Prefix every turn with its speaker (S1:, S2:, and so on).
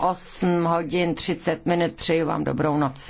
S1: 8 hodin 30 minut. Přeji vám dobrou noc.